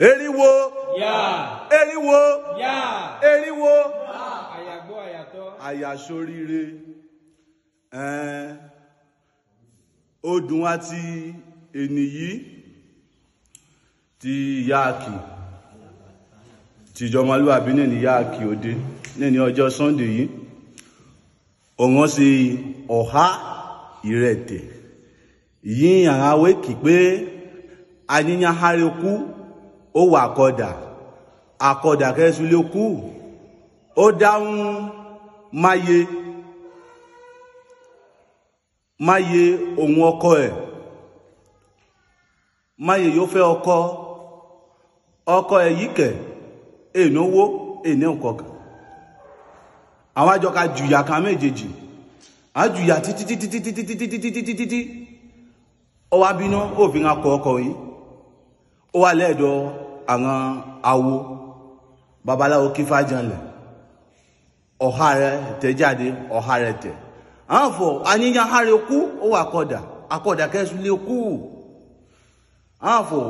Eriwo. Yà. Eriwo. Yà. Eriwo. Àyàgbọ́ àyàtọ́. Àyàsóríire. Odùn àti ènìyí ti yáàkì tìjọmọlúwàbí ní yáàkì òde ní ọjọ́ Sunday yìí òun sì ọ̀há ìrẹ̀tẹ̀ yìí àwọn awékì pé anyínyáhárí kú ó wà àkọdà àkọdà kẹsùn ló kú ó dáhùn máyé máyé òun ọkọ ẹ̀ máyé yóò fẹ́ ọkọ ọkọ ẹ̀ yìí kẹ̀ ènówó èní ọ̀kọ̀ọ̀kan àwọn àjọka jùyà kan méjèèjì àjùyà títítítítítítítítítítítítí ọwọ́ abínú òfin akọ ọkọ yìí ó wà lẹ́ẹ̀dọ̀ àwọn awo babaláwo kífájanlẹ̀ ọ̀há rẹ̀ tẹ̀jáde ọ̀há rẹ̀ tẹ̀ àǹfọ̀ àníyàn hárẹ̀ kú ó wà kọ̀dà akọ̀dà kẹ́sùn lè kú àǹfọ̀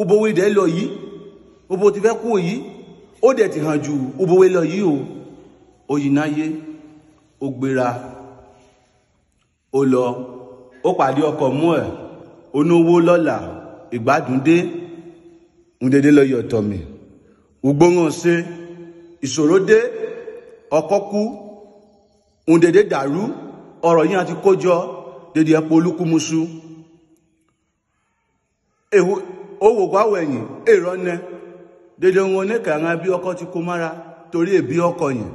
ubowe dẹ̀ lọ yìí ubo ti fẹ́ kú yìí ó dẹ̀ ti hàn ju ubowe lọ yìí o oyìnáyé ó gbéra ó lọ ó pàdé ọkọ̀ mú ẹ̀ onówó lọ́la ìgbádùn dé ndédé lọ yọ ọ̀tọ̀ mi ugbóhàn ṣe ìṣòro dé ọkọ kú ndédé dàrú ọ̀rọ̀ yìí àti kójọ dédé ẹpọ olúkúmuṣu owó gbáwọ ẹ̀yìn èrò ọnẹ dédé wọn oníkàrà bí ọkọ ti kó mára torí èbí ọkọ yẹn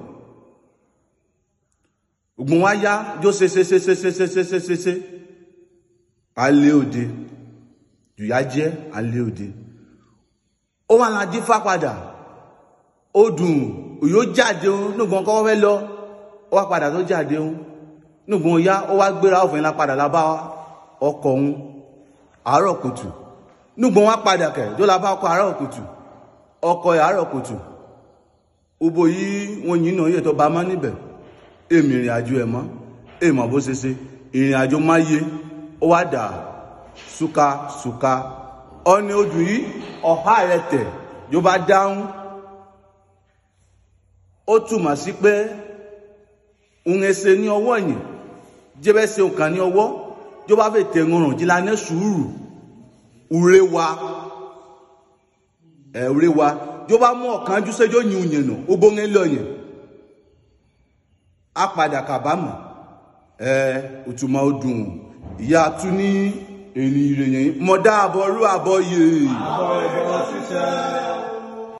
ògùn wa yá jó ṣe ṣe ṣe ṣe ṣe ṣe ṣe ó wà láti fá padà ó dùn yóò jáde ó nùgbọ́n kọ́kọ́ fẹ́ lọ ó wá padà tó jáde ó nùgbọ́n yá ó wá gbéra ọ̀fìn la padà la bá ọkọ̀ òun àárọ̀ kùtù nùgbọ́n wá padà kẹ̀ tó la bá ọkọ̀ àárọ̀ kùtù ọkọ̀ àárọ̀ kùtù òbò yìí wọn yìí náà yẹtọ̀ bá má níbẹ̀ èmi ìrìn àjò ẹ̀ mọ́ èèmọ̀ bó ṣe ìrìn àjò máa yé ó wá dà súkásúká ọni odù yìí ọ̀há rẹ tẹ̀ yóò bá dáhùn ó túmọ̀ sí pé ńẹsẹ̀ ní ọwọ́ yìí jẹ́bẹ́sẹ̀ òkàn ní ọwọ́ yóò bá fẹ̀ tẹ̀ ńrùn jìlá ní sùúrù ure wa ẹ̀ ure wa yóò bá mú ọ̀kan jùsẹ́jọ́ yìí òyìn nù ó gbóngẹ́ lọ́yìn á padà kàbámọ̀ ẹ̀ òtùmọ̀ odùn ìyá tún ní ènìyàn mọ̀ dá àbọ̀rú àbọ̀yè. àbọ̀ ìbọn ṣiṣẹ́.